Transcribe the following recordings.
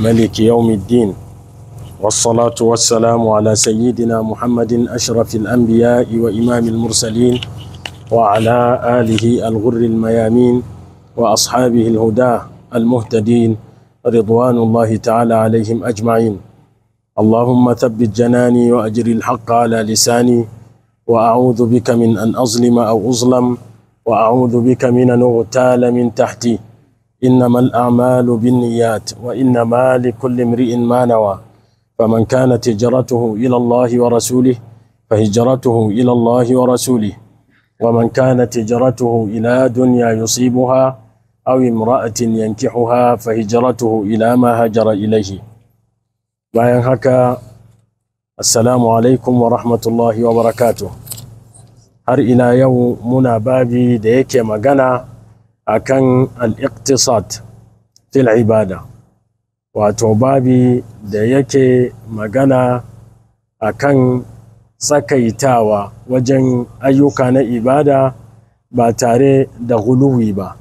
ملك يوم الدين والصلاة والسلام على سيدنا محمد أشرف الأنبياء وإمام المرسلين وعلى آله الغر الميامين وأصحابه الهداة المهتدين رضوان الله تعالى عليهم أجمعين اللهم ثبت جناني وأجري الحق على لساني وأعوذ بك من أن أظلم أو أظلم وأعوذ بك من أن أغتال من تحتي إنما الأعمال بالنيات وإنما لكل امرئ ما نوى فمن كانت هجرته إلى الله ورسوله فهجرته إلى الله ورسوله ومن كانت هجرته إلى دنيا يصيبها أو امرأة ينكحها فهجرته إلى ما هجر إليه ما ينهك السلام عليكم ورحمة الله وبركاته هر إلى يوم منا بابي ديكي مغانا akan al-iqtisad fil ibada wato babi da yake magana akan tsakaitawa wajen ayyuka na ibada ba tare da guluwi ba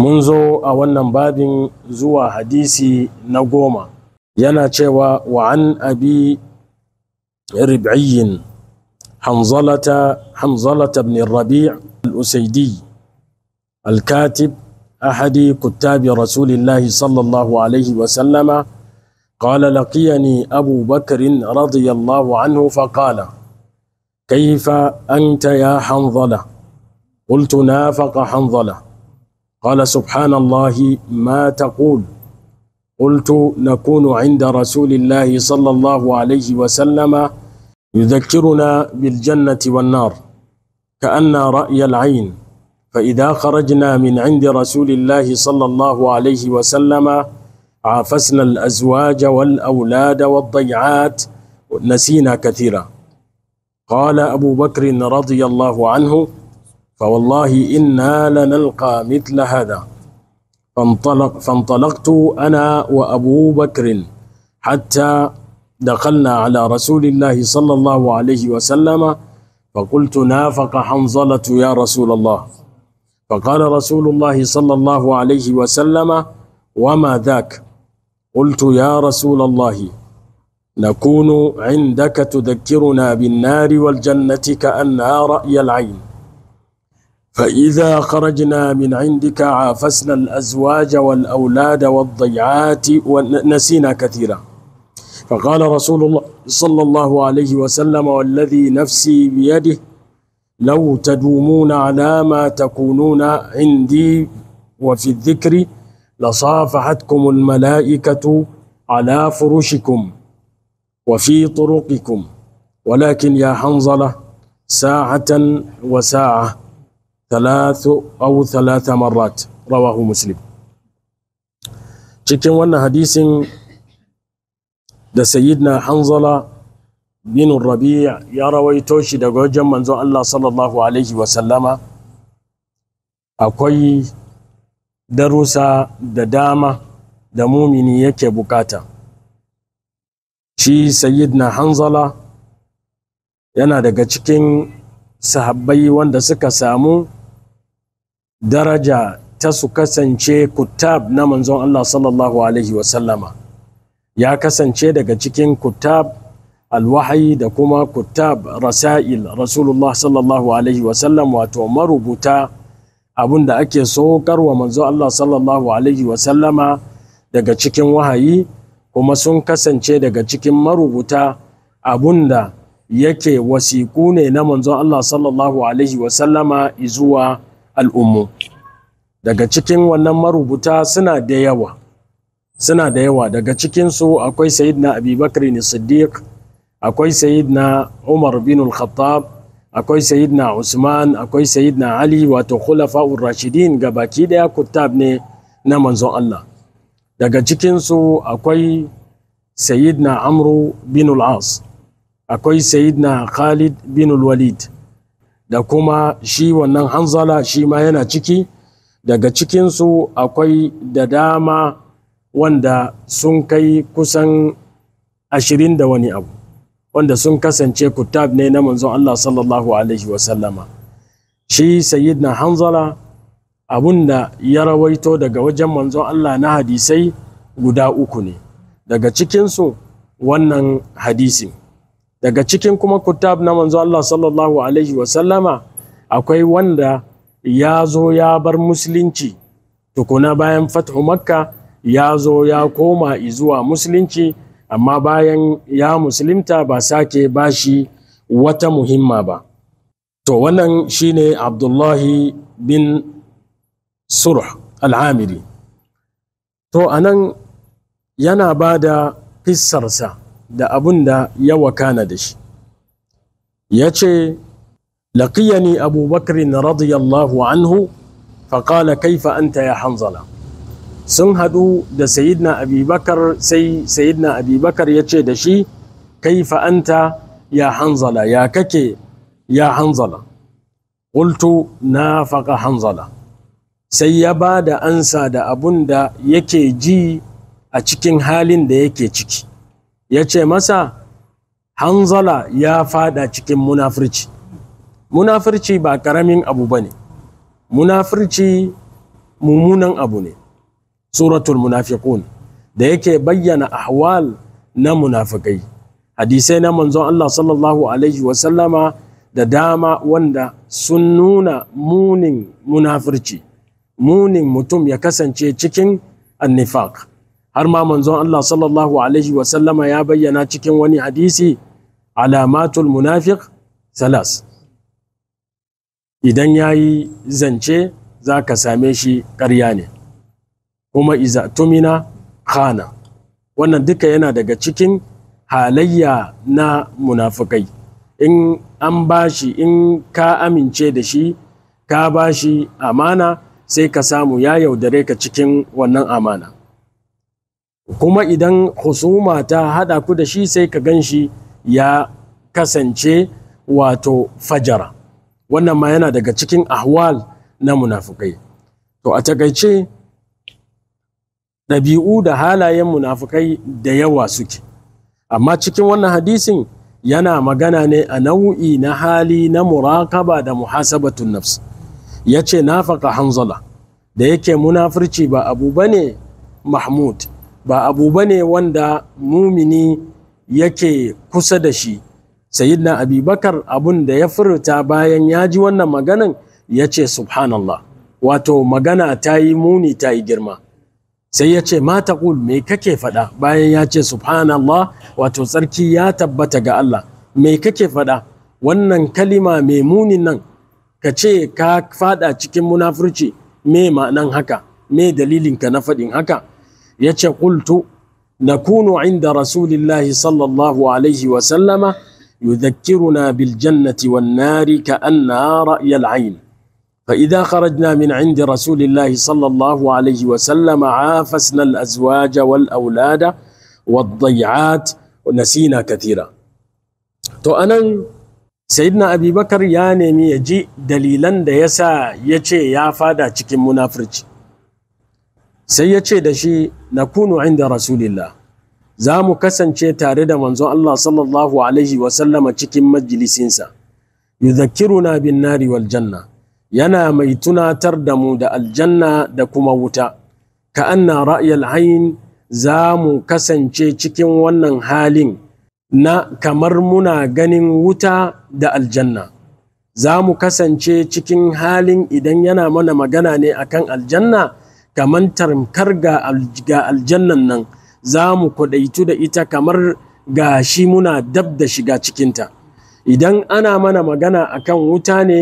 mun zo a wannan babin zuwa hadisi na goma yana cewa wa an abi rib'iyin hamzalata hamzalata ibn rabi' al-usaidi الكاتب أحد كتاب رسول الله صلى الله عليه وسلم قال لقيني أبو بكر رضي الله عنه فقال كيف أنت يا حنظلة قلت نافق حنظلة قال سبحان الله ما تقول قلت نكون عند رسول الله صلى الله عليه وسلم يذكرنا بالجنة والنار كأن رأي العين فإذا خرجنا من عند رسول الله صلى الله عليه وسلم عافسنا الأزواج والأولاد والضيعات نسينا كثيرا قال أبو بكر رضي الله عنه فوالله إنا لنلقى مثل هذا فانطلق فانطلقت أنا وأبو بكر حتى دخلنا على رسول الله صلى الله عليه وسلم فقلت نافق حنظلة يا رسول الله فقال رسول الله صلى الله عليه وسلم وما ذاك قلت يا رسول الله نكون عندك تذكرنا بالنار والجنة كأنها رأي العين فإذا خرجنا من عندك عافسنا الأزواج والأولاد والضيعات ونسينا كثيرا فقال رسول الله صلى الله عليه وسلم والذي نفسي بيده لو تدومون على ما تكونون عندي وفي الذكر لصافحتكم الملائكة على فرشكم وفي طرقكم ولكن يا حنظلة ساعة وساعة ثلاث أو ثلاث مرات رواه مسلم cikin وانا حديث دا سيدنا حنظلة bin rabi ya rawaito shi daga wajen manzon Allah sallallahu alaihi wasallama akwai darusa da dama da mumini yake bukata shi sayyidna hanzala yana daga cikin sahabbai wanda suka samu daraja ta su kasance kutab na manzon Allah sallallahu alaihi wasallama ya kasance daga cikin kutab alwahayi da kuma kutab rasail rasulullah sallallahu alaihi wasallam wato marubuta abin da ake saukar wa manzo Allah sallallahu alaihi wasallama daga cikin wahayi kuma sun kasance daga cikin marubuta abun da yake wasiku ne na manzo Allah sallallahu alaihi wasallama izuwa al'ummu daga cikin wannan marubuta suna da yawa suna da yawa daga cikinsu akwai sayyidina abubakar siddiq akwai sayidna umar bin al-khattab akwai sayidna usman akwai sayidna ali wato khulafa'ur rashidin ga baki daya kuttab ne na manzon Allah daga cikinsu akwai sayidna amru bin al-as akwai sayidna khalid bin al-walid da kuma shi wannan hanzala shi ma yana ciki daga cikinsu akwai da dama wanda sun kai kusan ashirin da wani abu wanda sun kasance kutab ne na manzon Allah sallallahu alaihi wasallama shi sayyidina hanzala abunda ya rawaito daga wajen manzon Allah na hadisai guda uku ne daga cikinsu wannan hadisi. daga cikin kuma kutab na manzon Allah sallallahu alaihi wasallama akwai wanda ya zo ya bar musulunci tukuna bayan fathu makka ya zo ya koma izuwa musulunci amma bayan ya musulunta ba sake bashi wata muhimma ba to wannan ne abdullahi bin Surah, al'amiri to anan yana ba da fissarsa da abin da ya wakana da shi ya ce laƙiyani na radiyallahu anhu faƙala kaifa anta ya hanzala sun hadu da sayidna abubakar sai sayidna abubakar ya ce da shi kai fa'anta ya hanzala ya kake ya hanzala ƙultu na faƙa hanzala sai ya ba da ansa da abun da yake ji a cikin halin da yake ciki ya ce masa hanzala ya fada cikin munafurci. Munafurci ba ƙaramin abu ba ne Munafurci mummunan abu ne suratul munafiqun da yake bayyana ahwal na munafikai hadisai na manzon Allah sallallahu alaihi wa sallama da dama wanda sun nuna munin munafirci munin mutum ya kasance cikin annifaq har ma manzon Allah sallallahu alaihi wa sallama ya bayyana cikin wani hadisi alamatul munafiq salas idan yayi zance zaka same shi ƙarya ne kuma iza tumina khana wannan duka yana daga cikin halayya na munafukai in an bashi in ka amince da shi ka bashi amana sai ka samu ya yaudare ka cikin wannan amana kuma idan husuma ta haɗa ku da shi sai ka ganshi ya kasance wato fajara wannan ma yana daga cikin ahwal na munafukai to a takaice ɗabi'u da halayen munafukai da yawa suke amma cikin wannan hadisin yana magana ne a nau'i na hali na murakaba da muhasabatun nafs ya ce nafaka hanzala da yake munafurci ba abu ba ne mahmud ba abu ba ne wanda mumini yake kusa da shi sayidna abubakar abun da ya furta bayan ya ji wannan maganan ya ce subhanallah wato magana ta yi muni ta yi girma sai ya ce mata taqul me kake faɗa bayan ya ce subhanallah wato tsarki ya tabbata ga Allah me kake faɗa wannan kalima mai munin nan ka ce ka faɗa cikin munafurci me ma'anan haka me dalilinka na faɗin haka ya ce Na nakunu inda rasulillahi sallallahu alaihi wa sallama biljannati bil jannati ka anna ra'yal ayn فإذا خرجنا من عند رسول الله صلى الله عليه وسلم عافسنا الأزواج والأولاد والضيعات ونسينا كثيرا تو أنا سيدنا أبي بكر يا نمي دليلا ديسا يسا يجي يا فادا تشكي منافرج سيجي دشي نكون عند رسول الله زامو كسن kasance tare منزو الله صلى الله عليه وسلم cikin majalisinsa, yuzakiruna يذكرنا بالنار والجنة yana mai tunatar da mu da aljanna da kuma wuta ka anna ra'yal hain za mu kasance cikin wannan halin na kamar muna ganin wuta da aljanna za mu kasance cikin halin idan yana mana magana ne a kan aljanna kamar tamkar ga aljannan nan za mu kwadaitu da ita kamar ga shi muna dab da shiga cikinta idan ana mana magana a kan wuta ne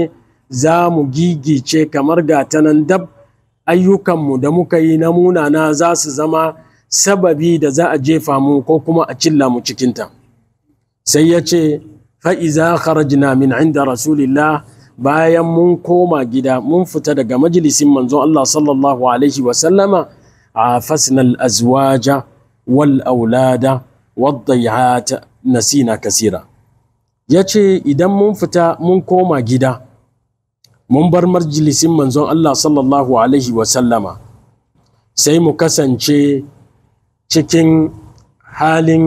za mu gigice kamar gatanan dab ayyukanmu da muka yi na munana za su zama sababi da za a jefa mu ko kuma a cilla mu cikinta sai ya ce fa'iza kharajna min inda rasulillah bayan mun koma gida mun fita daga majalisin manzon Allah sallallahu alaihi wasallama a fasnal azwaja wal aulada waddayat nasina kasira ya ce idan mun fita mun koma gida mun bar marjilisin manzon Allah sallallahu alaihi wasallama sai mu kasance cikin halin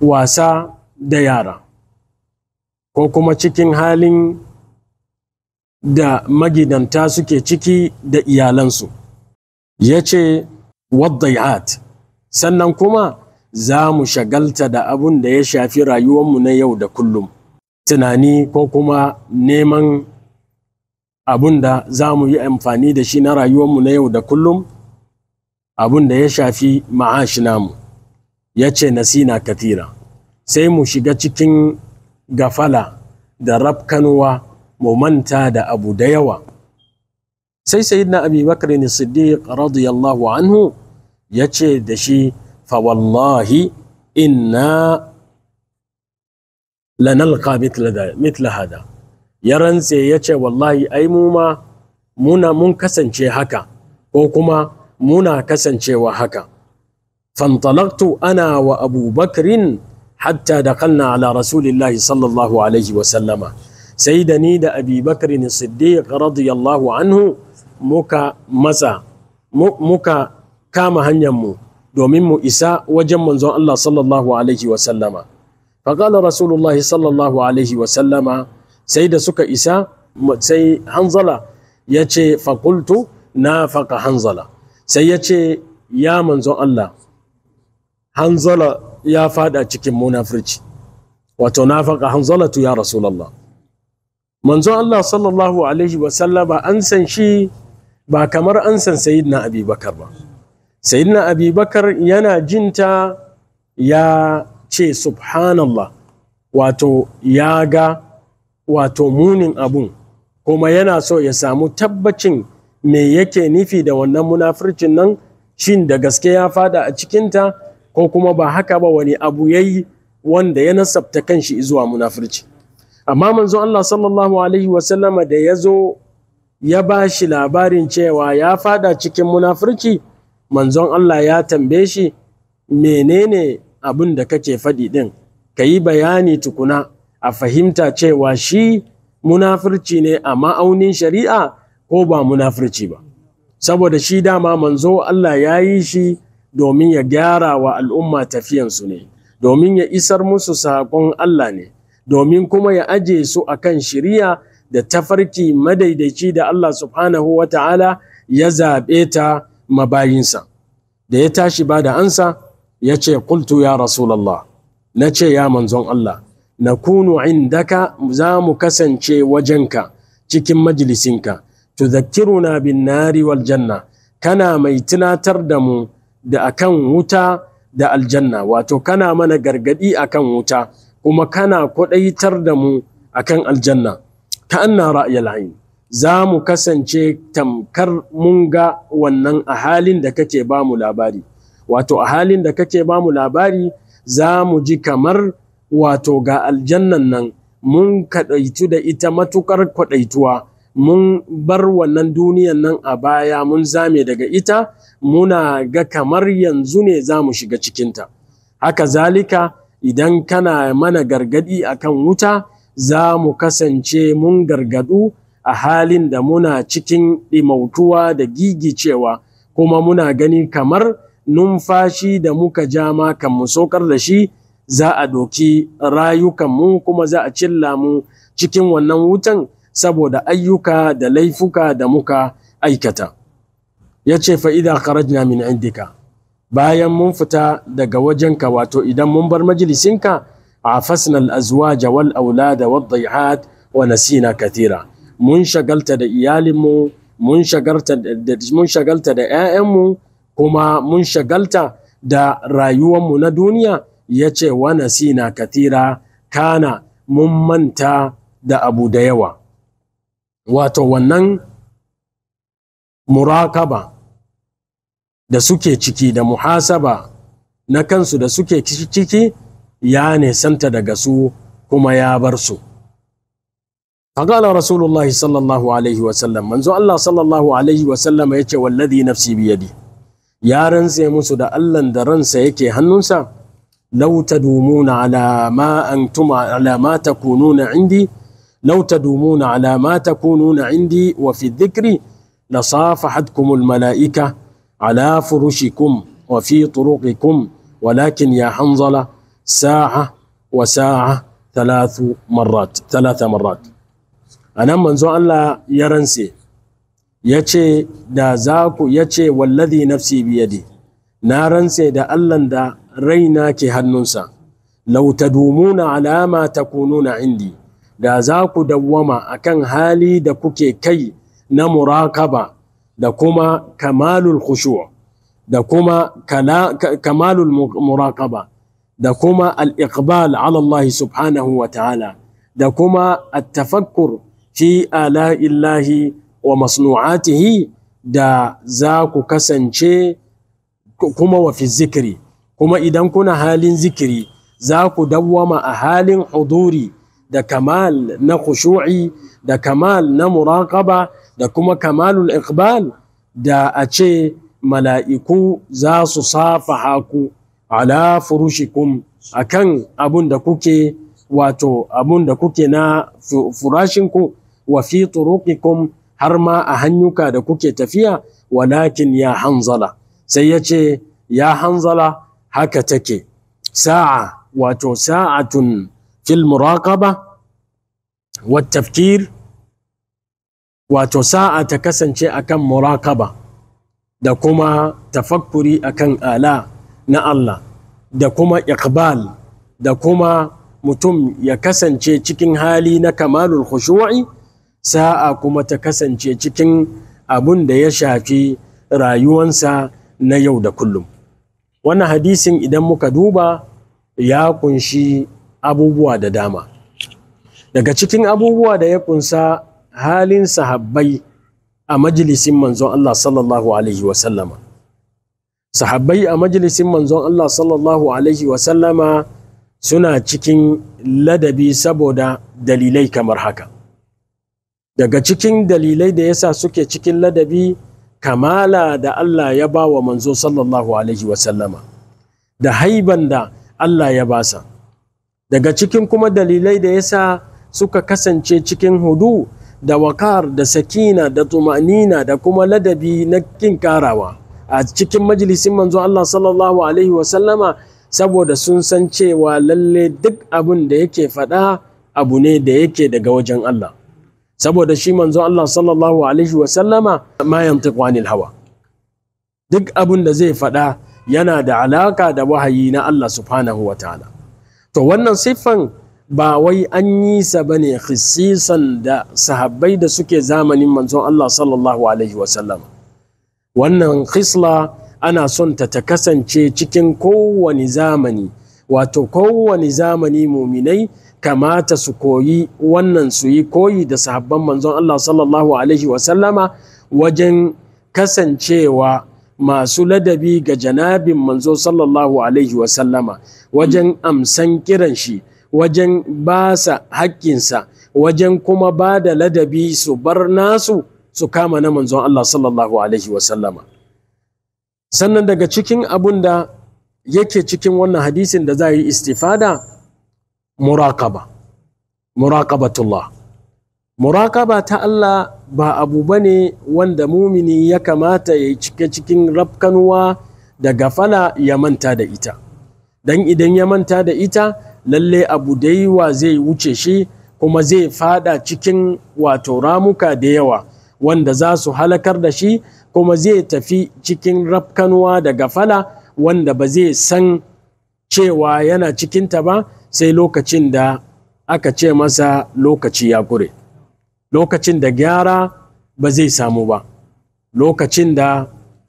wasa da yara ko kuma cikin halin da magidanta suke ciki da iyalansu ya ce waddai'at sannan kuma za mu shagalta da abun da ya shafi rayuwanmu na yau da kullum tunani ko kuma neman abun da za mu yi amfani da shi na rayuwarmu na yau da kullum abun da ya shafi ma'ashi namu ya ce nasina katira sai mu shiga cikin gafala da rafkanuwa mu manta da abu da yawa sai sayyidina abi bakr ne siddiq radiyallahu anhu ya ce da shi fa wallahi inna lanalqa mitla hada ya rantse ya ce wallahi ai mu ma muna mun kasance haka ko kuma muna kasancewa haka Fantalaktu ana wa abubakrin hatta dakalna ala rasulillahi sallallahu alaihi wa sai da ni da abubakrin siddiq radiyallahu anhu muka matsa muka kama hanyar mu domin mu isa wajen manzon Allah sallallahu alaihi wa sallama faƙala rasulullahi sallallahu alaihi wasallama sai da suka isa sai hanzala ya ce faƙultu, na faƙa hanzala sai ya ce ya manzon Allah hanzala ya fada cikin munafirci wato na faƙa hanzalatu ya rasulallah manzon Allah sallallahu alaihi wasallama an san shi ba kamar an san sayidina abubakar ba sayidina abubakar yana jinta ya ce subhanallah wato ya ga wato munin abun kuma yana so ya samu tabbacin me yake nufi da wannan munafircin nan shin da gaske ya fada a cikinta ko kuma ba haka ba wani abu ya yi wanda ya nasabta kanshi zuwa munafirci amma manzo Allah sallallahu alaihi wasallama da ya zo ya ba shi labarin cewa ya fada cikin munafirci manzon Allah ya tambaye shi menene abin da kake faɗi ɗin ka yi bayani tukuna a fahimta cewa shi munafurci ne a ma'aunin shari'a ko ba munafurci ba saboda shi dama manzo Allah ya yi shi domin ya gyara wa al'umma tafiyansu ne domin ya isar musu saƙon Allah ne domin kuma ya aje su akan shiriya da tafarki madaidaici da Allah subhanahu wa ta'ala ya zaɓe ta mabayinsa da ya tashi ba da ansa ya ce kultu ya rasulallah na ce ya manzon Allah na kunu indaka za mu kasance wajenka cikin majalisinka tudhakkiruna bin nari wal janna kana mai tunatar da mu da akan wuta da aljanna wato kana mana gargadi akan wuta kuma kana kwadaitar da mu akan aljanna ta anna ra'yal ayn za mu kasance tamkar mun ga wannan a halin da kake ba mu labari wato a halin da kake ba mu labari za mu ji kamar wato ga aljannan nan mun kaɗaitu da ita matuƙar kwaɗaituwa mun bar wannan duniyan nan a baya mun zame daga ita muna ga kamar yanzu ne za mu shiga cikinta haka zalika idan kana mana gargadi a kan wuta za mu kasance mun gargadu a halin da muna cikin ɗimautuwa da gigicewa kuma muna gani kamar numfashi da muka ja ma kan mu saukar da shi za a doki rayukanmu kuma za a cilla mu cikin wannan wutan saboda ayyuka da laifuka da muka aikata ya ce fa'ida kharajna min indika bayan mun fita daga wajenka wato idan mun bar majalisinka a fasnal azwaja wal aulada da dayhat wa nasina katira mun shagalta da iyalinmu mun shagalta da 'ya'yanmu kuma mun shagalta da rayuwanmu na duniya ya ce wa nasina katira kana mun manta da abu da yawa wato wannan murakaba da suke ciki da muhasaba na kansu da suke ciki ya nisanta daga su kuma ya bar su فقال رسول الله صلى الله عليه وسلم منذ الله صلى الله عليه وسلم يتشوى الذي نفسي بيده ya rantse musu da Allahn da ransa yake hannunsa law tadumuna ala ma antum ala ma takununa indi law tadumuna ala ma takununa indi wa fi dhikri lasafahatkum almalaika ala furushikum wa fi turuqikum ولكن يا حنظلة ساعة وساعة ثلاث مرات ثلاث مرات أنا منزو الله يرنسي ya ce da za ku ya ce wallazi nafsi biyadi na rantse da allahn da raina ke hannunsa lau tadumuna alama takununa indi da za ku dawwama akan hali da kuke kai na murakaba da kuma kamalul khushu' da kuma kamalul muraqaba da kuma al-iqbal ala Allah subhanahu wa ta'ala da kuma at-tafakkur fi ala'illahi wa masnu'atihi da za ku kasance kuma wa fi zikiri kuma idan kuna halin zikiri za ku dawwama a halin huduri da kamal na khushu'i da kamal na muraqaba da kuma kamalul iqbal da a ce mala'iku za su safaha ku ala furushikum akan abun da kuke wato abun da kuke na furashinku wa fi turuqikum har ma a hanyuka da kuke tafiya walakin ya hanzala sai ya ce ya hanzala haka take sa'a wato sa'atun fil muraqaba wa tafkir wato sa'a ta kasance akan muraqaba da kuma tafakkuri akan ala na Allah da kuma iqbal da kuma mutum ya kasance cikin hali na kamalul khushu'i sa'a kuma ta kasance cikin abun da ya shafi rayuwansa na yau da kullum wannan hadisin idan muka duba ya kunshi abubuwa da dama daga cikin abubuwa da ya kunsa halin sahabbai a majalisin manzon Allah sallallahu alaihi wasallama sahabbai a majalisin manzon Allah sallallahu alaihi wasallama suna cikin ladabi saboda dalilai kamar haka daga cikin dalilai da yasa suke cikin ladabi kamala da Allah ya ba wa manzo sallallahu alaihi wasallama da haiban da Allah ya ba sa, daga cikin kuma dalilai da yasa suka kasance cikin hudu da wakar da sakina da tumanina da kuma ladabi na kin karawa a cikin majalisin manzo Allah sallallahu alaihi wasallama saboda sun san cewa lalle duk abin da yake faɗa abu ne da yake daga wajen Allah saboda shi manzon Allah sallallahu alaihi wa sallama ma yantiqu anil hawa duk abun da zai faɗa yana da alaka da wahayi na Allah subhanahu wa ta'ala to wannan siffan ba wai an yi sa bane khisisan da sahabbai da suke zamanin manzon Allah sallallahu alaihi wa sallama wannan khisla ana son ta ta kasance cikin kowane zamani wato kowane zamani muminai kamata su koyi wannan su yi koyi da sahabban manzon Allah sallallahu alaihi wasallama wajen kasancewa masu ladabi ga janabin manzo sallallahu alaihi wasallama wajen amsan kiran shi wajen basa haƙƙinsa wajen kuma ba da ladabi su bar nasu su kama na manzon Allah sallallahu alaihi wasallama sannan daga cikin abunda yake cikin wannan hadisin da za yi istifada muraqaba muraqabatullah muraqaba ta Allah ba abu bane wanda mumini ya kamata ya cike cikin rafkanuwa da gafala ya manta da ita dan idan ya manta da ita lalle abu da zai wuce shi kuma zai fada cikin wato ramuka da yawa wanda za su halakar da shi kuma zai tafi cikin rafkanuwa da gafala wanda ba zai san cewa yana cikinta ba sai lokacin da aka ce masa lokaci ya kure lokacin da gyara ba zai samu ba lokacin da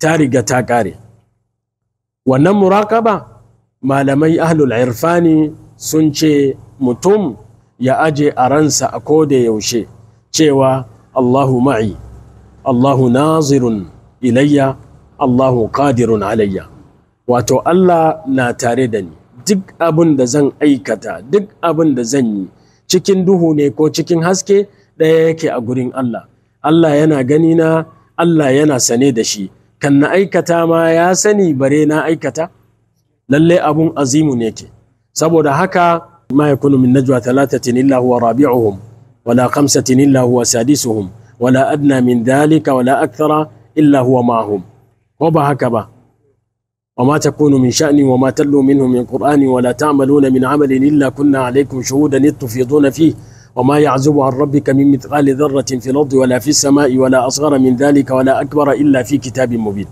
ta riga ta kare wannan muraƙaba malamai ahlul irfani sun ce mutum ya aje a ransa a koda yaushe cewa allahu ma'i allahu nazirun ilayya allahu qadirun alayya wato allah na tare da ni duk abin da zan aikata duk abin da zan yi cikin duhu ne ko cikin haske ɗaya yake a gurin Allah Allah yana gani na Allah yana sane da shi kan na aikata ma ya sani bare na aikata lalle abun azimu ne ke saboda haka ma yakunu min najwa thalathatin illa huwa rabi'uhum wala khamsatin illa huwa sadisuhum wala adna min dhalika wala akthara illa huwa ko ba haka ba وما تكون من شأن وما تلو منه من قرآن ولا تعملون من عمل إلا كنا عليكم شهودا إذ تفيضون فيه وما يعزب عن ربك من مثقال ذرة في الأرض ولا في السماء ولا أصغر من ذلك ولا أكبر إلا في كتاب مبين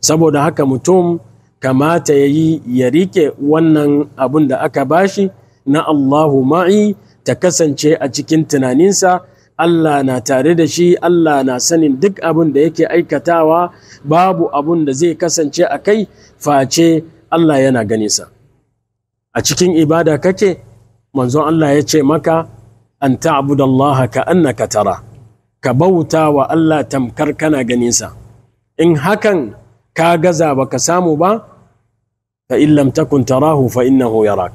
saboda haka mutum kamata ya yi ya rike wannan abun da aka bashi na Allahu ma'i ta kasance a cikin tunaninsa Allah na tare da shi Allah na sanin duk abin da yake aikatawa babu abin da zai kasance a kai face Allah yana ganinsa a cikin ibada kake manzon Allah ya ce maka an ta'budallaha ka annaka tara ka bauta wa Allah tamkar kana ganinsa in hakan ka gaza baka samu ba fa in lam takun tarahu fa innahu yarak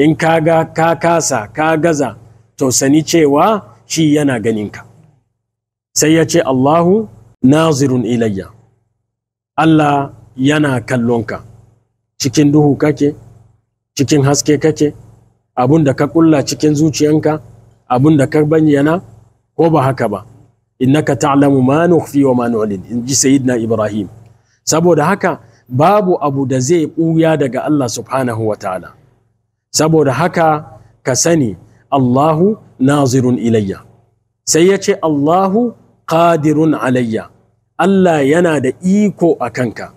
in kaga ka kasa ka gaza to sani cewa shi yana ganinka sai ya ce Allahu nazirun ilayya Allah yana kallonka cikin duhu kake cikin haske kake abun da ka kulla cikin zuciyanka abun da ka bayyana ko ba haka ba innaka ta'lamu ma nukhfi wa ma nu'lin in ji sayyidina Ibrahim saboda haka babu abu da zai ɓuya daga Allah subhanahu wa ta'ala saboda haka ka sani Allahu nazirun ilayya sai ya ce Allahu qadirun alayya Allah yana da iko a kanka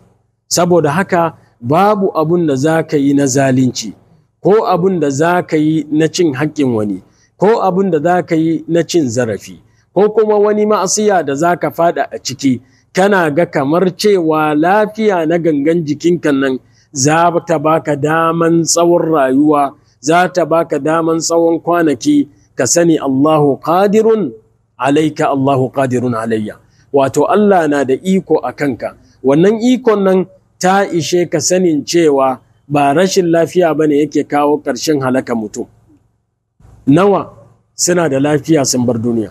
saboda haka babu abun da za ka yi na zalunci ko abun da za ka yi na cin haƙƙin wani ko abun da za ka yi na cin zarafi ko kuma wani ma'asiya da za ka fada a ciki kana ga kamar cewa lafiya na gangan jikinka nan za ta baka daman tsawon rayuwa za ta baka daman tsawon kwanaki ka sani Allahu ƙadirun alaika Allahu ƙadirun alayya wato Allah na da iko a kanka wannan ikon nan ta ishe ka sanin cewa ba rashin lafiya ba ne yake kawo ƙarshen halaka mutum nawa suna da lafiya sun bar duniya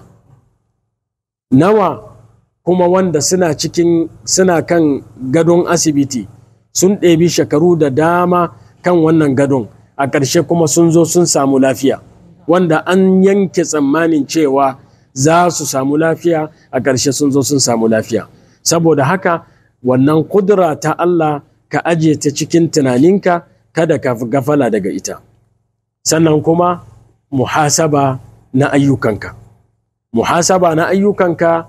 nawa kuma wanda suna cikin suna kan gadon asibiti sun ɗebi shekaru da dama kan wannan gadon a ƙarshe kuma sun zo sun samu lafiya wanda an yanke tsammanin cewa za su samu lafiya a ƙarshe sun zo sun samu lafiya saboda haka wannan kudura ta Allah ka aje ta cikin tunaninka kada ka gafala daga ita sannan kuma muhasaba na ayyukanka muhasaba na ayyukanka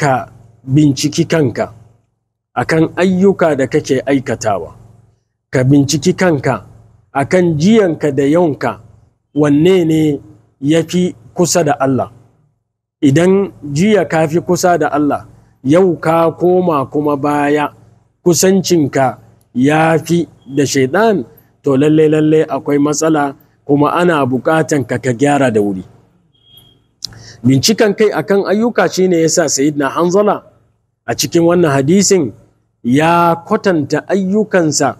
ka binciki kanka akan ayyuka da kake aikatawa ka binciki kanka a kan jiyanka da yawanka wanne ne ya fi kusa da Allah idan jiya ka fi kusa da Allah yau ka koma kuma baya kusancinka ya fi da shaidan to lalle lalle akwai matsala kuma ana bukatan ka ka gyara da wuri bincikan kai akan ayyuka shine yasa sayyidina hanzala a cikin wannan hadisin ya kwatanta ayyukansa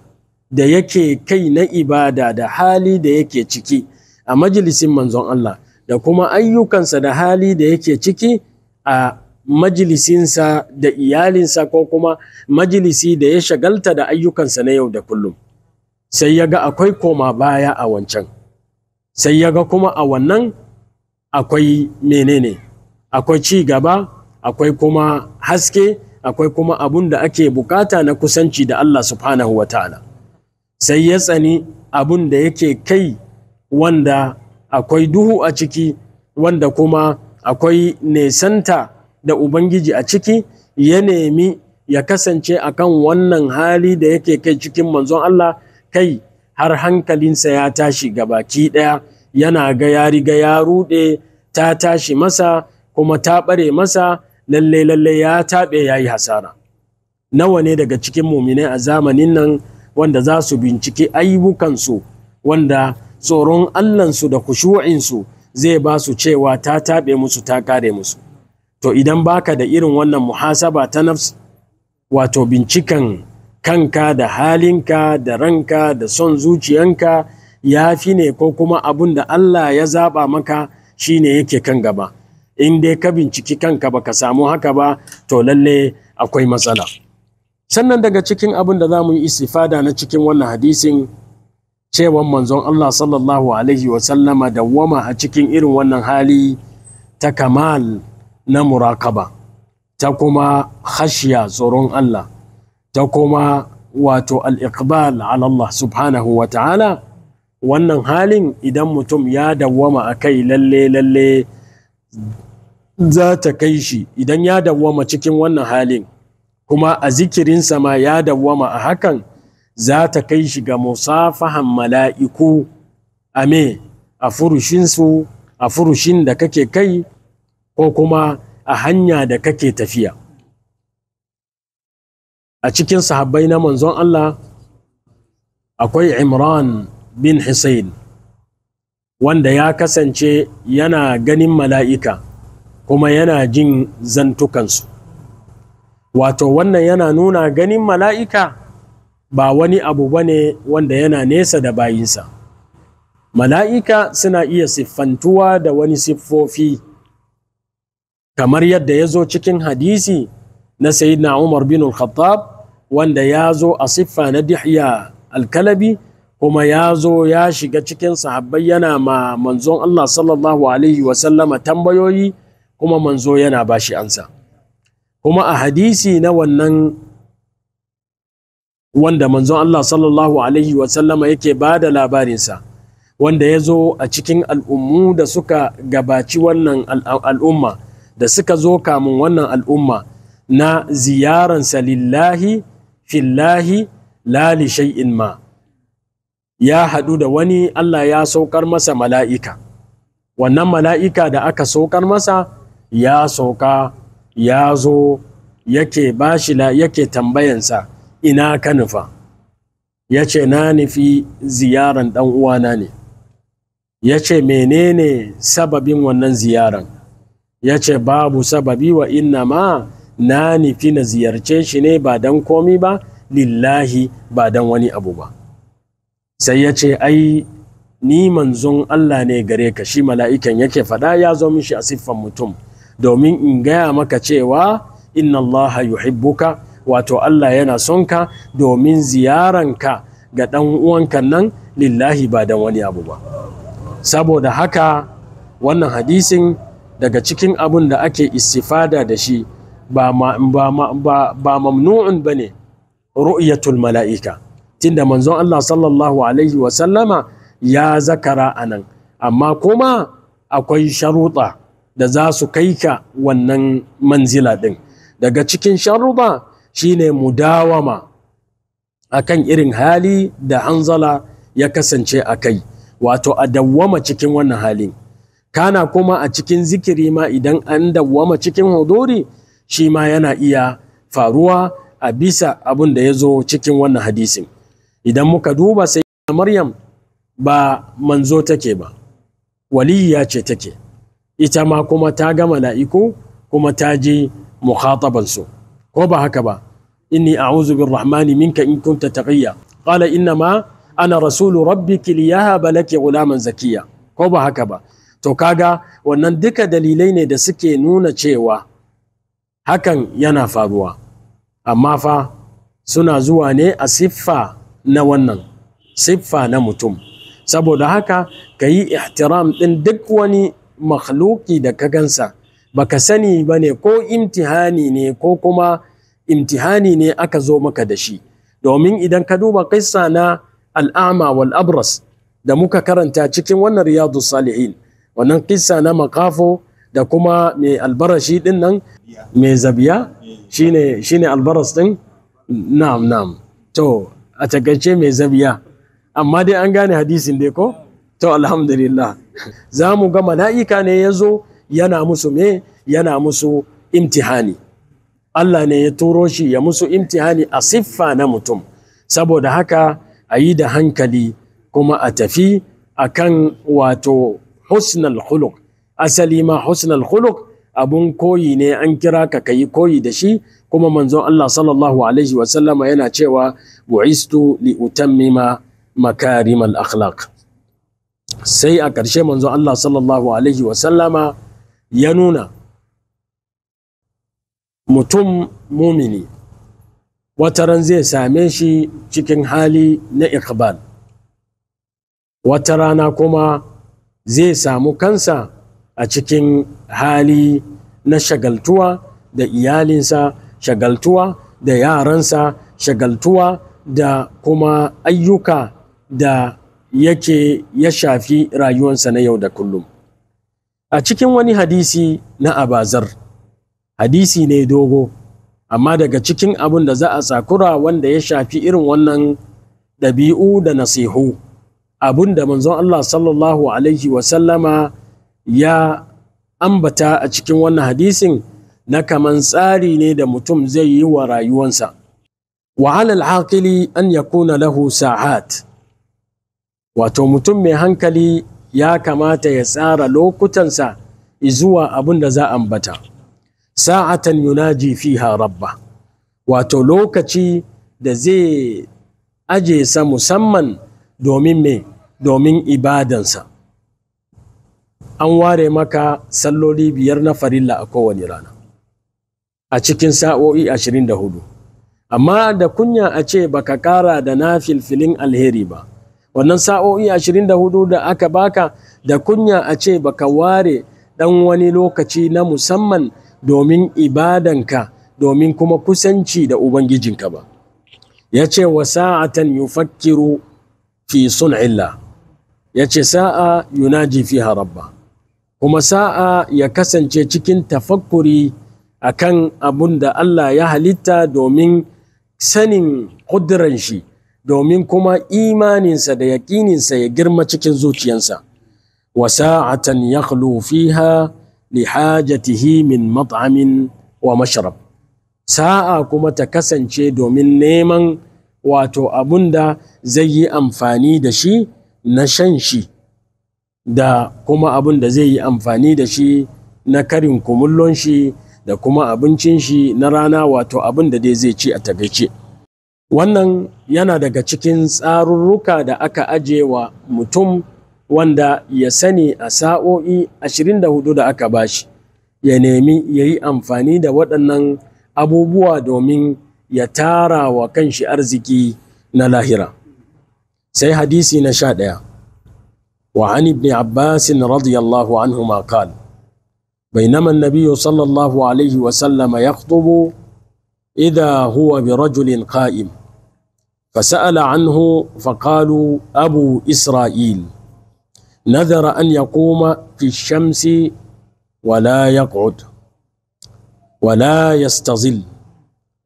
da yake kai na ibada da hali da yake ciki a majalisin manzon Allah da kuma ayyukansa da hali da yake ciki a majalisinsa da iyalinsa ko kuma majalisi da ya shagalta da ayyukansa na yau da kullum sai ya ga akwai koma baya a wancan sai ya ga kuma a wannan akwai menene akwai ci gaba akwai kuma haske akwai kuma abun da ake bukata na kusanci da Allah subhanahu wa ta'ala sai ya tsani abun da yake kai wanda akwai duhu a ciki wanda kuma akwai nesanta da ubangiji a ciki ya nemi ya kasance akan wannan hali da yake kai cikin manzon Allah kai har hankalinsa ya tashi gabaki ɗaya yana ga ya riga ya ruɗe ta tashi masa kuma ta ɓare masa lalle lalle ya taɓe ya yi hasara nawa ne daga cikin muminai a zamanin nan wanda za su binciki ayyukansu wanda tsoron allansu da kushu'insu zai ba su cewa ta taɓe musu ta kare musu to idan baka da irin wannan muhasaba ta nafs wato bincikan kanka da halinka da ranka da son zuciyanka ya fi ne ko kuma abun da Allah ya zaɓa maka shine yake kan gaba in dai ka binciki kanka baka samu haka ba to lalle akwai matsala. sannan daga cikin abin da za mu yi istifada na cikin wannan hadisin cewan manzon Allah sallallahu alaihi wasallama dawwama a cikin irin wannan hali ta kamal na murakaba ta kuma hashiya tsoron Allah ta kuma wato al'iqbal ala Allah subhanahu wa ta'ala wannan halin idan mutum ya dawwama a kai lalle lalle za ta kai shi idan ya dawwama cikin wannan halin kuma a zikirinsa ma ya dawwama a hakan za ta kai shi ga musafahan mala'iku a me a furushinsu a furushin da kake kai ko kuma a hanya da kake tafiya a cikin sahabbai na manzon Allah akwai imran bin Hussein wanda ya kasance yana ganin mala'ika kuma yana jin zantukansu wato wannan yana nuna ganin mala'ika ba wani abu ba ne wanda yana nesa da bayinsa mala'ika suna iya siffantuwa da wani siffofi kamar yadda ya zo cikin hadisi na Sayyidina Umar bin al-Khattab wanda ya zo a siffa na Dihya al-Kalabi kuma ya zo ya shiga cikin sahabbai yana ma manzon Allah sallallahu alaihi wasallama tambayoyi kuma manzo yana bashi ansa kuma a hadisi na wannan wanda manzon Allah sallallahu alaihi wasallama yake ba da labarinsa wanda ya zo a cikin al'ummu da suka gabaci wannan al'umma da suka zo kamun wannan al'umma na ziyaransa lillahi fillahi lali shay'in ma ya haɗu da wani Allah ya saukar masa mala'ika wannan mala'ika da aka saukar masa ya sauka ya zo yake bashi yake tambayansa ina ka nufa ya ce na nufi ziyaran ɗan uwana ne ya ce menene sababin wannan ziyaran ya ce babu sababi wa inna ma na nufi na ziyarce shi ne ba don komi ba lillahi ba don wani abu ba sai ya ce ai ni manzon Allah ne gare ka shi mala'ikan yake faɗa ya zo mishi a siffan mutum domin in gaya maka cewa inna allaha yuhibbuka wato Allah yana son ka domin ziyaranka ga ɗan uwanka nan lillahi ba da wani abu ba saboda haka wannan hadisin daga cikin abin da ake istifada da shi ba mamnu'un ba ne ru'yatul mala'ika tinda manzon Allah sallallahu alaihi wasallama ya zakara anan amma kuma akwai sharuɗa da za su kai ka wannan manzila ɗin daga cikin sharuba shine mudawama akan irin hali da hanzala ya kasance a kai wato a dawwama cikin wannan halin kana kuma a cikin zikiri ma idan an dawwama cikin huduri shi ma yana iya faruwa a bisa abin da ya zo cikin wannan hadisin idan muka duba sai maryam ba manzo take ba waliyya ce take ita ma kuma ta ga mala'iku kuma ta ji mukhatabansu ko ba haka ba inni a'udhu birrahmani minka in kunta taqiyya qala inna ma ana rasulu rabbiki liyahaba laki ghulaman zakiya ko ba haka ba to kaga wannan duka dalilai ne da suke nuna cewa hakan yana faruwa amma fa suna zuwa ne a siffa na wannan siffa na mutum saboda haka ka yi ihtiram ɗin duk wani makhluki da ka gansa baka sani ba ne ko imtihani ne ko kuma imtihani ne aka zo maka da shi domin idan ka duba kissa na al'ama wal abras da muka karanta cikin wannan riyadu salihin wannan kissa na makafo da kuma mai albarashi din nan mai zabiya shine shine albaras din na'am na'am to a takaice mai zabiya amma dai an gane hadisin dai ko to alhamdulillah za mu ga mala'ika ne ya zo yana musu me yana musu imtihani Allah ne ya turo shi ya musu imtihani a siffa na mutum saboda haka a yi da hankali kuma a tafi a kan wato husnal huluk asali ma husnal huluk abun koyi ne an kira ka kayi koyi da shi kuma manzon Allah sallallahu alaihi wasallama yana cewa bu'istu li utammima makarimal akhlaq sai a ƙarshe manzo Allah sallallahu alaihi wasallama ya nuna mutum mumini wataran zai same shi cikin hali na iqbal wata rana kuma zai samu kansa a cikin hali na shagaltuwa da iyalinsa shagaltuwa da yaransa shagaltuwa da kuma ayyuka da yake ya shafi rayuwansa na yau da kullum. A cikin wani hadisi na abazar, hadisi ne dogo, amma daga cikin abin da za a sakura wanda ya shafi irin wannan ɗabi'u da nasihu, abin da manzon Allah sallallahu Alaihi wasallama ya ambata a cikin wannan hadisin na kaman tsari ne da mutum zai yi wa rayuwansa. Wa alal aqili an yakuna lahu sa'at. wato mutum mai hankali ya kamata ya tsara lokutansa zuwa abin da za a ambata sa'atan yunaji fiha rabba wato lokaci da zai aje sa musamman domin me domin ibadansa an ware maka salloli biyar na farilla a kowane rana a cikin sa'o'i 24. amma da kunya a ce baka kara da na filfilin alheri ba wannan sa'o'i 24 da aka baka da kunya a ce baka ware dan wani lokaci na musamman domin ka domin kuma kusanci da ubangijin ka ba ya ce wa sa'atan yufakkiru fi sun'illa ya ce sa'a yunaji fiha rabba kuma sa'a ya kasance cikin tafakkuri akan abun da Allah ya halitta domin sanin ƙudiran shi domin kuma imaninsa da yaƙininsa ya girma cikin zuciyansa wa sa'atan yakhlu fiha li hajatihi min mat'amin wa masharab. sa'a kuma ta kasance domin neman wato abun da zai yi amfani da shi na shan shi da kuma abun da zai yi amfani da shi na karin kumullon shi da kuma abincin shi na rana wato abun da dai zai ci a takaice. wannan yana daga cikin tsarurruka da aka aje wa mutum wanda ya sani a sa'o'i 24 da aka bashi ya nemi ya yi amfani da waɗannan abubuwa domin ya tara wa kanshi arziki na lahira sai hadisi na sha ɗaya wa an ibn abbasin radiyallahu anhu makal. bai naman sallallahu alaihi wa ya yakhtubu إذا هو برجل قائم فسأل عنه فقالوا أبو إسرائيل نذر أن يقوم في الشمس ولا يقعد ولا يستظل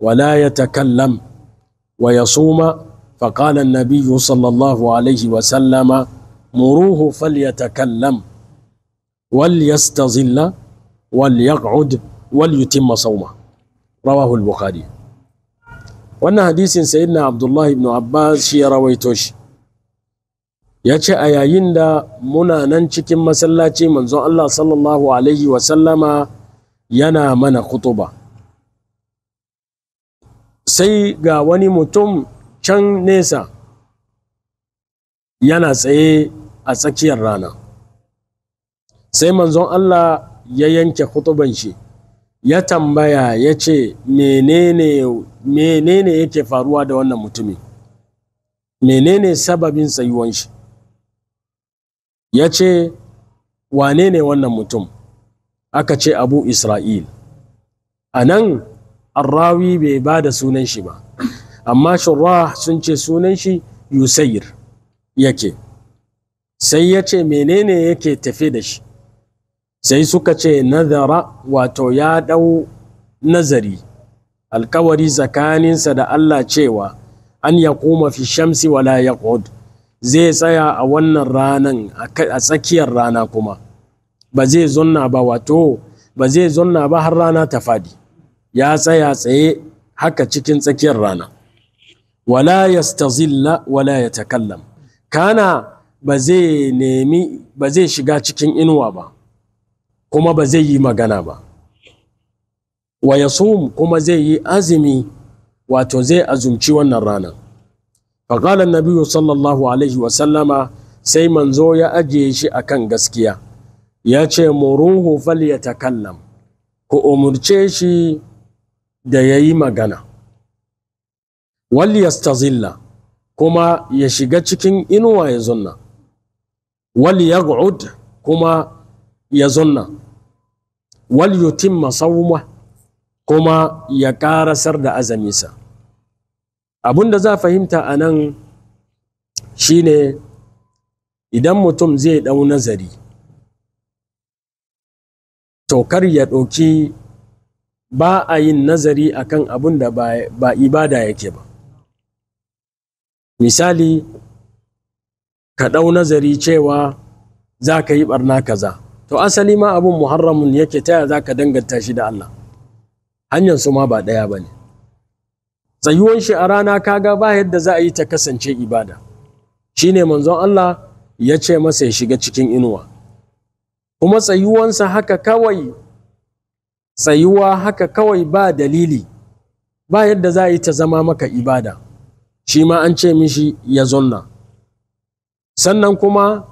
ولا يتكلم ويصوم فقال النبي صلى الله عليه وسلم مروه فليتكلم وليستظل وليقعد وليتم صومه rawahu al-bukhari wannan hadisin sayyidina abdullahi ibn abbas shi ya rawaito shi ya ce a yayin da muna nan cikin masallaci manzon Allah sallallahu alaihi sallama yana mana kutuba sai ga wani mutum can nesa yana tsaye a tsakiyar rana sai manzon Allah ya yanke kutuban shi ya tambaya ya ce menene yake faruwa da wannan mutumin menene sababin tsayuwan shi ya ce wane ne wannan mutum aka ce abu isra'il a nan arrawi bai ba da sunan shi ba amma shura sun ce sunan shi yusayir yake sai ya ce menene yake tafe da shi sai suka ce nazara wato ya ɗau nazari alkawari tsakaninsa da Allah cewa an ya kuma fi shamsi wala ya zai tsaya a wannan ranan a tsakiyar rana kuma ba zai zonna ba wato ba zai zonna ba har rana ta fadi ya tsaya tsaye haka cikin tsakiyar rana wala yastazilla wala takallam kana ba zai nemi ba zai shiga cikin inuwa ba kuma ba zai yi magana ba wa yasum kuma zai yi azumi wato zai azumci wannan ranar faƙalar nabiyu sallallahu alaihi wasallama sai manzo ya ajiye shi akan gaskiya ya ce muruhu fal ya takallam ku umurce shi da ya yi magana wal yastazilla kuma ya shiga cikin inuwa ya zunna wal kuma ya zonna wal yutimma sawma kuma ya karasar da azaminsa abin da za fahimta a nan shine idan mutum zai ɗau nazari to kar ya ɗauki ba a yin nazari akan abin da ba ibada yake ba misali ka ɗau nazari cewa za ka yi ɓarna kaza to asali ma abun muharramun yake ta yaya ka danganta shi da Allah hanyar su ma ba ɗaya ba ne tsayuwan shi a rana kaga ba yadda za a yi ta kasance ibada shine manzon Allah ya ce masa ya shiga cikin inuwa kuma tsayuwansa haka kawai tsayuwa haka kawai ba dalili ba yadda za a yi ta zama maka ibada shi ma an ce mishi ya zonna sannan kuma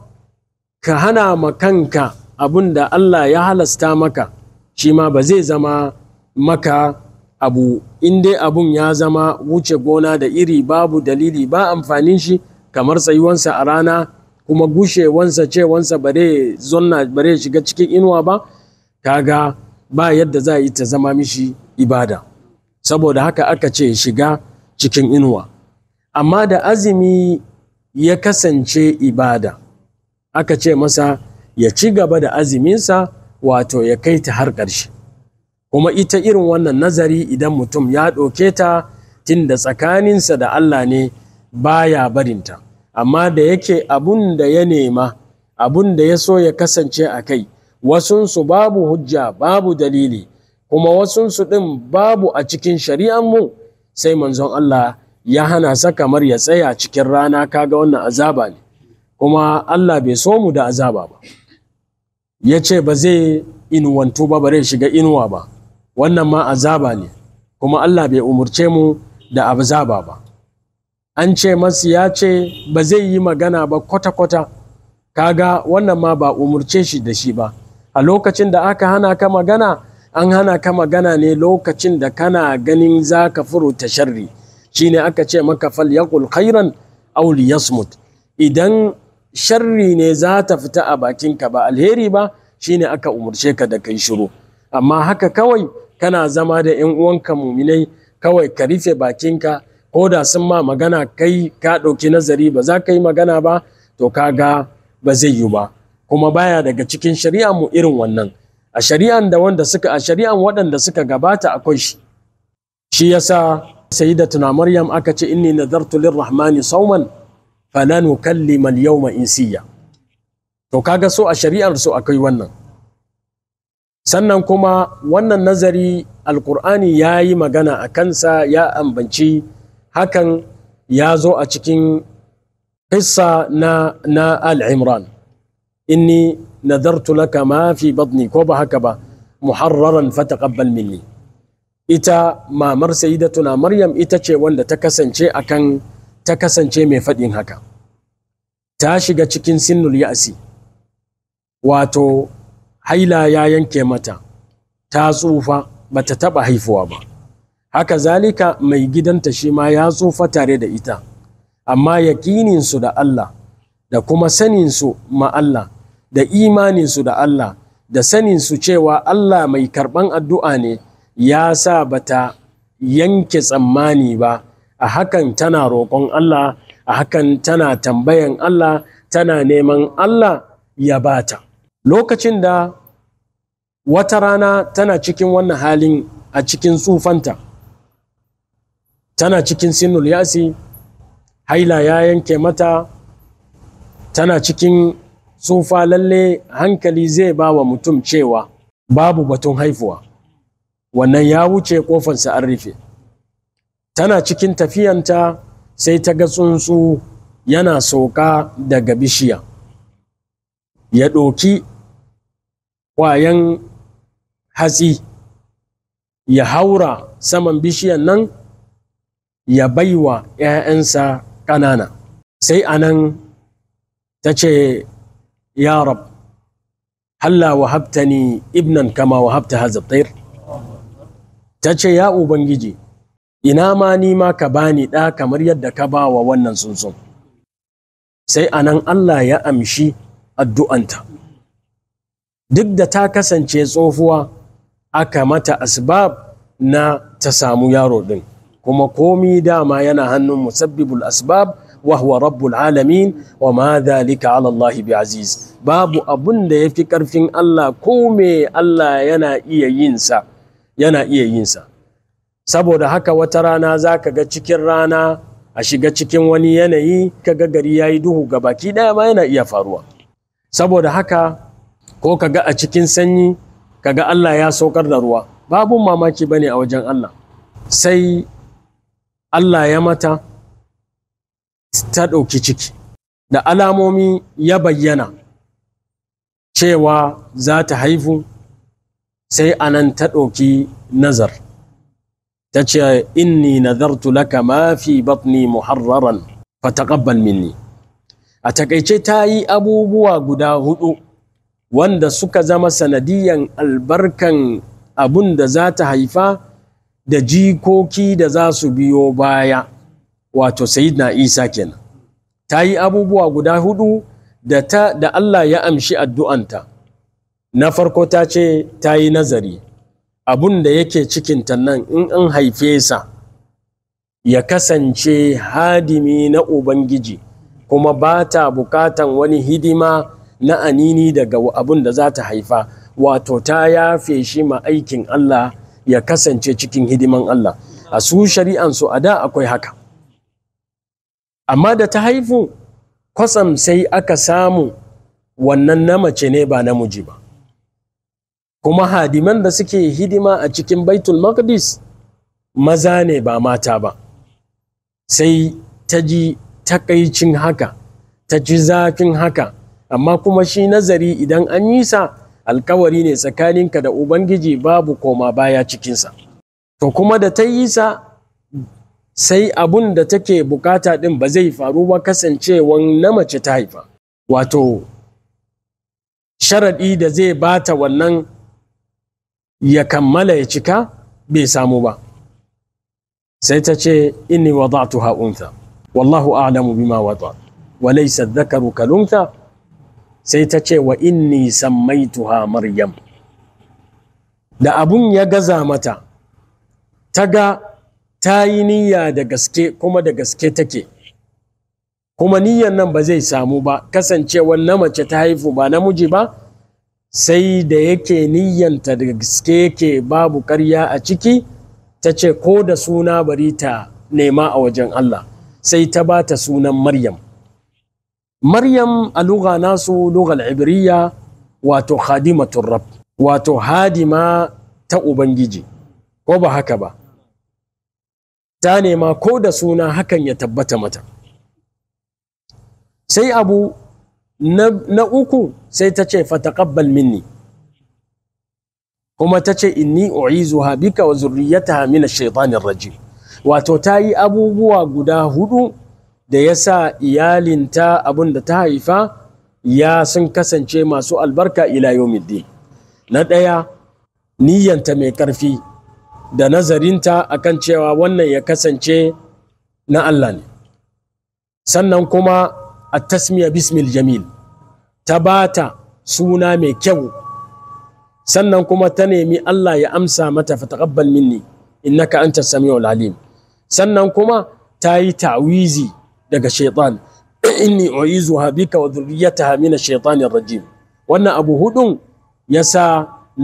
ka hana ma kanka abun da Allah ya halasta maka shi ma ba zai zama maka abu in dai abun ya zama wuce gona da iri babu dalili ba amfanin shi kamar tsayuwansa a rana kuma gushewansa cewansa bare zonna bare shiga cikin inuwa ba kaga ba yadda za a yi ta zama mishi ibada saboda haka aka ce shiga cikin inuwa amma da azumi ya kasance ibada aka ce masa ya ci gaba da aziminsa wato ya kai ta har ƙarshe kuma ita irin wannan nazari idan mutum ya ɗauke ta tinda tsakaninsa da Allah ne baya barinta amma da yake abun da ya nema abun da ya so ya kasance a kai wasunsu babu hujja babu dalili kuma wasunsu ɗin babu a cikin shari'ar mu sai manzon Allah ya hana sa kamar ya tsaya cikin rana kaga wannan azaba ne kuma Allah bai so mu da azaba ba ya ce ba zai inuwantu ba ba shiga inuwa ba wannan ma azaba ne kuma Allah bai umurce mu da azaba ba an ce masu ya ce ba zai yi magana ba kwata-kwata kaga wannan ma ba umurce shi da shi ba a lokacin da aka hana ka magana an hana ka magana ne lokacin da kana ganin za ka furuta sharri shine aka ce maka fal yaqul khairan aw liyasmut idan sharri ne za ta fita a bakinka ba alheri ba shine aka umarce ka da kai shiru amma haka kawai kana zama da yan uwanka muminai kawai ka rufe bakinka ko da sun ma magana kai ka ɗauki nazari ba za ka yi magana ba to ka ga ba zai yi ba kuma baya daga cikin shari'a mu irin wannan a shari'an da wanda suka a shari'an waɗanda suka gabata akwai shi shi yasa sayyidatuna maryam aka ce inni nadartu lirrahmani sauman fala nukallima al-yawma insiya to kaga so a shari'ar so akai wannan sannan kuma wannan nazari alkur'ani ya yi magana a kansa ya ambanci hakan ya zo a cikin qissa na na al-imran inni nadartu laka ma fi batni ko ba haka ba muharraran fataqabbal minni ita mamar sayyidatuna maryam ita ce wanda ta kasance akan ta kasance mai faɗin haka ta shiga cikin sinnul ya'asi wato haila ya yanke mata ta tsufa ba ta taɓa haifuwa ba haka zalika mai gidanta shi ma ya tsufa tare da ita amma yakininsu da Allah da kuma saninsu ma Allah da imaninsu da Allah da saninsu cewa Allah mai karɓan addu'a ne ya sa ba ta yanke tsammani ba a hakan tana roƙon Allah a hakan tana tambayan Allah tana neman Allah ya bata lokacin da wata rana tana cikin wannan halin a cikin tsufanta tana cikin sinul yasi haila ya yanke mata tana cikin tsufa lalle hankali zai ba wa mutum cewa babu batun haifuwa wannan ya wuce kofansa an rufe tana cikin tafiyanta sai ta ga tsuntsu yana sauka daga bishiya ya ɗoki ƙwayan hatsi ya haura saman bishiyan nan ya baiwa 'ya'yansa ƙanana sai anan ta ce ya rab halla ni ibnan kama wa wahabta hazabtair ta ce ya ubangiji ina ma ni ma ka bani ɗa kamar yadda ka ba wa wannan tsuntsun sai a nan Allah ya amshi addu'anta duk da ta kasance tsofuwa aka mata asbab na ta samu yaro ɗin kuma komi dama yana hannun musabbibul asbab wa huwa rabbul alamin wa ma zalika ala Allah bi aziz babu abun da yafi karfin Allah ko me Allah yana iya yinsa yana iya yin sa saboda haka wata rana za ka ga cikin rana a shiga cikin wani yanayi ka ga gari ya yi duhu ga baki ɗaya ma yana iya faruwa saboda haka ko ka ga a cikin sanyi ka ga Allah ya saukar da ruwa babu mamaki ba ne a wajen Allah sai Allah ya mata ta ɗauki ciki da alamomi ya bayyana cewa za ta haifu sai anan ta ɗauki nazar. ta ce inni nazartu laka ma fi batni muharraran fataqabbal minni a takaice ta yi abubuwa guda hudu wanda suka zama sanadiyan albarkan abun da za ta haifa da jikoki da za su biyo baya wato na isa kenan ta yi abubuwa guda hudu da ta da Allah ya amshi addu'anta na farko ta ce ta yi nazari abun da yake cikinta nan in an haife sa ya kasance hadimi na ubangiji kuma ba ta bukatan wani hidima na anini daga abun da za ta haifa wato ta yafe shi ma aikin Allah ya kasance cikin hidiman Allah a su shari'ansu a da akwai haka amma da ta haifu kwasam sai aka samu wannan na mace ne ba namiji ba kuma hadiman da suke hidima a cikin baitul maqdis maza ne ba mata ba sai ta ji takaicin haka ta ji zafin haka amma kuma shi nazari idan an yi sa alkawari ne tsakaninka da ubangiji babu koma baya cikinsa to kuma da ta yi sa sai abun da take bukata din ba zai faru ba kasancewan na mace ta haifa wato sharadi da zai bata wannan ya kammala ya cika bai samu ba sai ta ce inni wada'tuha untha wallahu a'lamu bima wada wa laysa dhakaru kaluntha sai ta ce wa inni sammaituha maryam da abun ya gaza mata ta ga ta yi niyya da gaske kuma da gaske take kuma niyyan nan ba zai samu ba kasancewar na mace ta haifu ba namiji ba sai da yake niyyanta da gaske yake babu ƙarya a ciki ta ce ko da suna bari ta nema a wajen Allah sai ta ba ta sunan Maryam. Maryam a lugha nasu lughal ibriya wato khadimatur rab wato hadima ta Ubangiji ko ba haka ba ta nema ko da suna hakan ya tabbata mata. Sai abu na uku sai ta ce fataqabbal minni kuma ta ce inni u'izuha habika wa zurriyataha hamina ash rajim wato ta yi abubuwa guda hudu da ya sa iyalinta abun da ta haifa ya sun kasance masu albarka ila yawmiddin na ɗaya niyyanta mai ƙarfi da nazarinta akan cewa wannan ya kasance na Allah ne sannan kuma a tasmiya bismil jamil ta bata suna mai kyau sannan kuma ta nemi Allah ya amsa mata fa taqabbal minni innaka anta samiul alim sannan kuma ta yi ta'wizi daga shaitan inni u'izuha bika wa dhurriyyataha min ash-shaytanir rajim wannan abu hudun yasa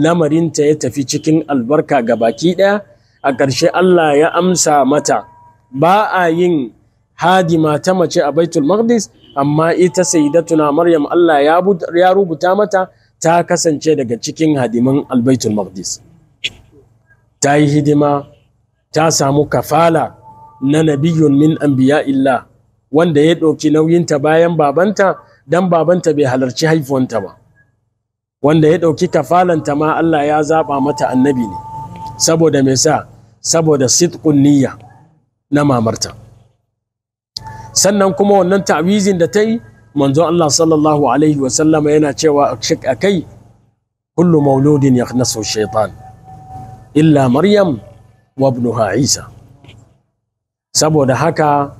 lamarinta ya tafi cikin albarka ga baki daya a ƙarshe Allah ya amsa mata ba a yin hadima ta mace a baitul maqdis amma ita sayyidatuna maryam Allah ya rubuta mata ta kasance daga cikin hadiman albaitul maqdis ta yi hidima ta samu kafala na nabiyun min anbiya illa wanda ya ɗauki nauyinta bayan babanta dan babanta bai halarci haifuwanta ba wanda ya ɗauki kafalanta ma Allah ya zaɓa mata annabi ne saboda me sa saboda sidqun niyya na mamarta sannan kuma wannan ta'wizin da ta yi manzo Allah sallallahu alaihi wa sallama yana cewa a kai kullu mauludin ya nasu shaitan illa maryam wa ibnuha isa saboda haka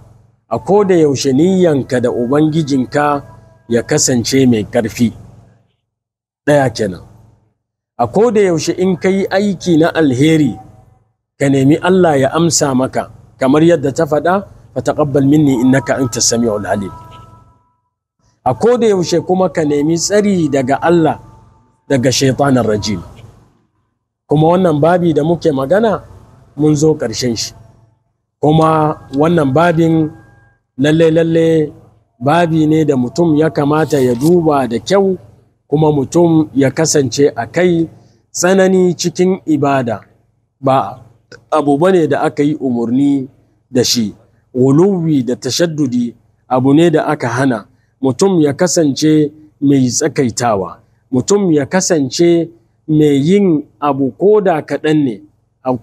a koda yaushe niyyanka da ubangijinka ya kasance mai karfi ɗaya kenan a koda yaushe in ka yi aiki na alheri ka nemi Allah ya amsa maka kamar yadda ta faɗa fataqabbal minni innaka anta samiul alim a koda yaushe kuma ka nemi tsari daga Allah daga shaitanin rajim kuma wannan babi da muke magana mun zo ƙarshen shi kuma wannan babin lalle lalle babi ne da mutum ya kamata ya duba da kyau kuma mutum ya kasance a kai tsanani cikin ibada ba abu bane da aka yi umarni da shi guluwi da tashaddudi abu ne da aka hana mutum ya kasance mai tsakaitawa mutum ya kasance mai yin abu ko da kaɗan ne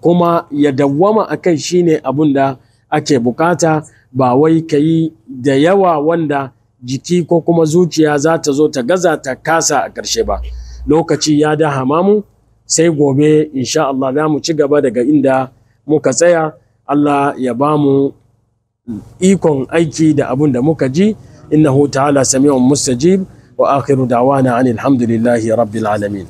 kuma ya dawwama a kai shi ne abin da ake bukata ba wai ka yi da yawa wanda jiki ko kuma zuciya za ta zo ta gaza ta kasa a ƙarshe ba lokaci ya da hamamu sai gobe insha Allah za mu ci gaba daga inda muka tsaya Allah ya ba mu ikon aiki da abun da muka ji innahu ta'ala sami'un mustajib wa akhiru da'wana anil hamdulillahi rabbil alamin